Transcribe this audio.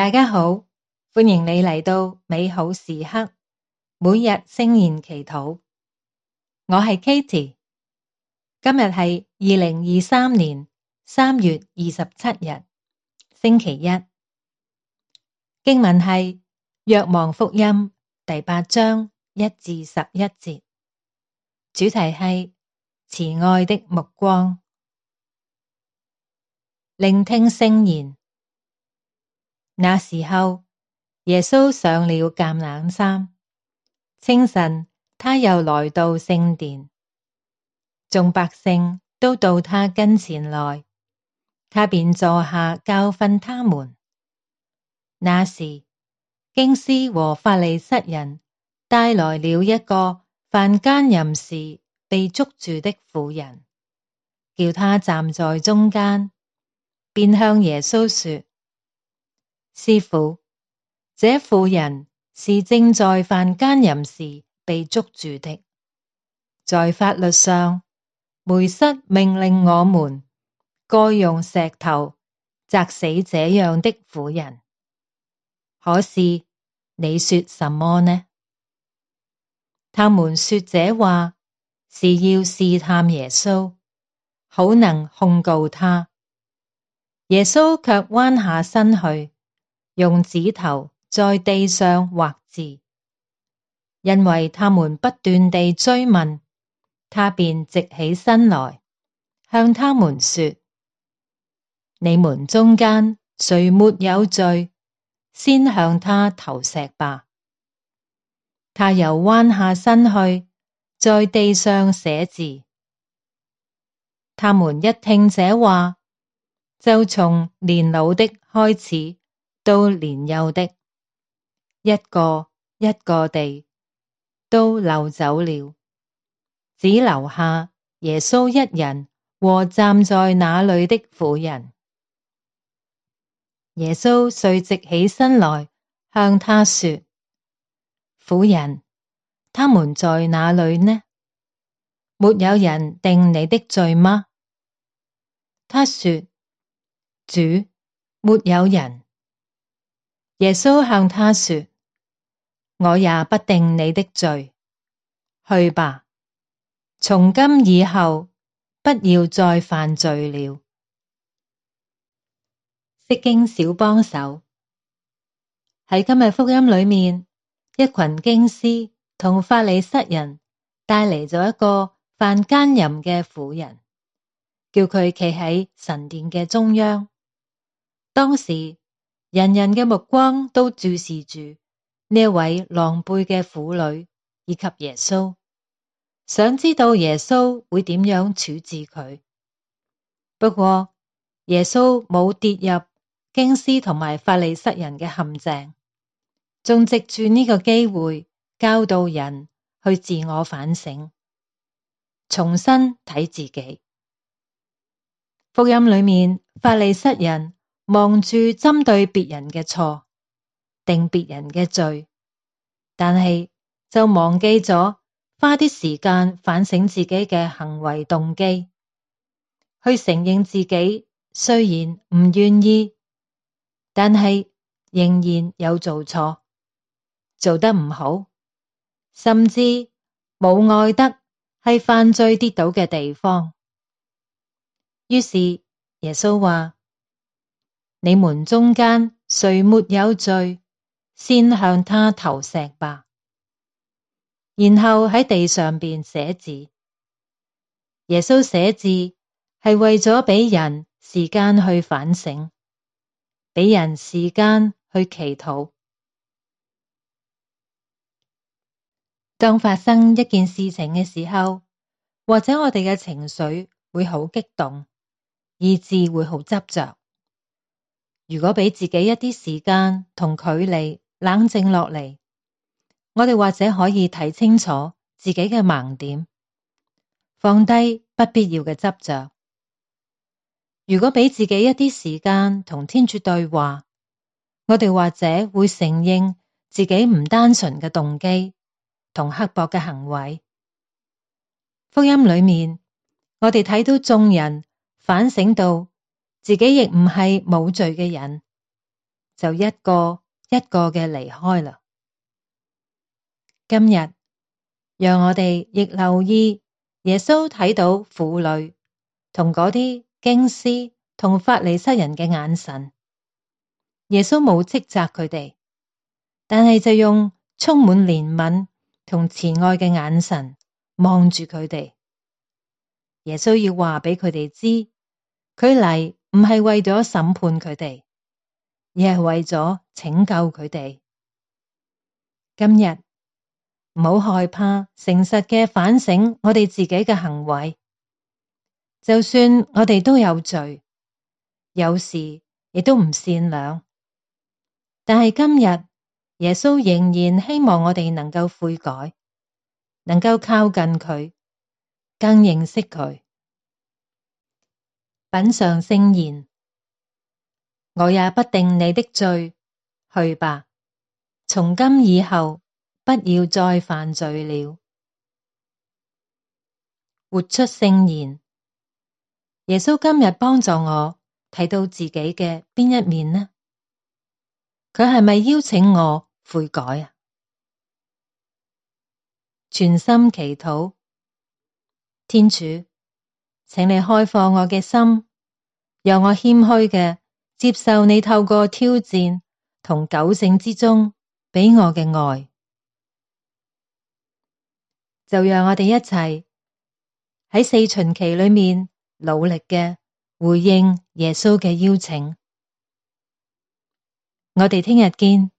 大家好，歡迎你嚟到美好時刻，每日聖言祈禱。我係 Katy，今日係二零二三年三月二十七日，星期一。經文係《約望福音》第八章一至十一節，主題係慈愛的目光。聆聽聖言。那時候，耶穌上了橄欖山。清晨，他又來到聖殿，眾百姓都到他跟前來，他便坐下教訓他們。那時，經師和法利塞人帶來了一個犯姦淫時被捉住的婦人，叫他站在中間，便向耶穌說。師傅，這婦人是正在犯姦淫時被捉住的，在法律上，梅瑟命令我們該用石頭砸死這樣的婦人。可是你說什麼呢？他們說這話是要試探耶穌，好能控告他。耶穌卻彎下身去。用指頭在地上畫字，因為他們不斷地追問，他便直起身來，向他們說：你們中間誰沒有罪，先向他投石吧。他又彎下身去，在地上寫字。他們一聽這話，就從年老的開始。都年幼的，一個一個地都溜走了，只留下耶穌一人和站在那裏的婦人。耶穌遂直起身來，向他說：婦人，他們在哪裏呢？沒有人定你的罪嗎？他說：主，沒有人。耶穌向他說：我也不定你的罪，去吧，從今以後不要再犯罪了。釋經小幫手，喺今日福音裏面，一群經師同法利塞人帶嚟咗一個犯奸淫嘅婦人，叫佢企喺神殿嘅中央。當時。人人嘅目光都注視住呢位狼狽嘅婦女以及耶穌，想知道耶穌會點樣處置佢。不過耶穌冇跌入經師同埋法利塞人嘅陷阱，仲藉住呢個機會教導人去自我反省，重新睇自己。福音裏面法利塞人。忙住針對別人嘅錯，定別人嘅罪，但係就忘記咗花啲時間反省自己嘅行為動機，去承認自己雖然唔願意，但係仍然有做錯，做得唔好，甚至冇愛德係犯罪跌倒嘅地方。於是耶穌話。你們中間誰沒有罪，先向她投石吧。然後喺地上邊寫字。耶穌寫字係為咗俾人時間去反省，俾人時間去祈禱。當發生一件事情嘅時候，或者我哋嘅情緒會好激動，意志會好執着。如果俾自己一啲時間同距離冷靜落嚟，我哋或者可以睇清楚自己嘅盲點，放低不必要嘅執着。如果俾自己一啲時間同天主對話，我哋或者會承認自己唔單純嘅動機同刻薄嘅行為。福音裏面，我哋睇到眾人反省到。自己亦唔係冇罪嘅人，就一個一個嘅離開啦。今日讓我哋亦留意耶穌睇到婦女同嗰啲經師同法利塞人嘅眼神，耶穌冇斥責佢哋，但係就用充滿憐憫同慈愛嘅眼神望住佢哋。耶穌要話俾佢哋知，佢嚟。唔係為咗審判佢哋，而係為咗拯救佢哋。今日唔好害怕，誠實嘅反省我哋自己嘅行為。就算我哋都有罪，有時亦都唔善良，但係今日耶穌仍然希望我哋能夠悔改，能夠靠近佢，更認識佢。品嚐聖言，我也不定你的罪，去吧。從今以後，不要再犯罪了。活出聖言，耶穌今日幫助我睇到自己嘅邊一面呢？佢係咪邀請我悔改啊？全心祈禱，天主。請你開放我嘅心，讓我謙虛嘅接受你透過挑戰同糾正之中俾我嘅愛，就讓我哋一齊喺四旬期裏面努力嘅回應耶穌嘅邀請。我哋聽日見。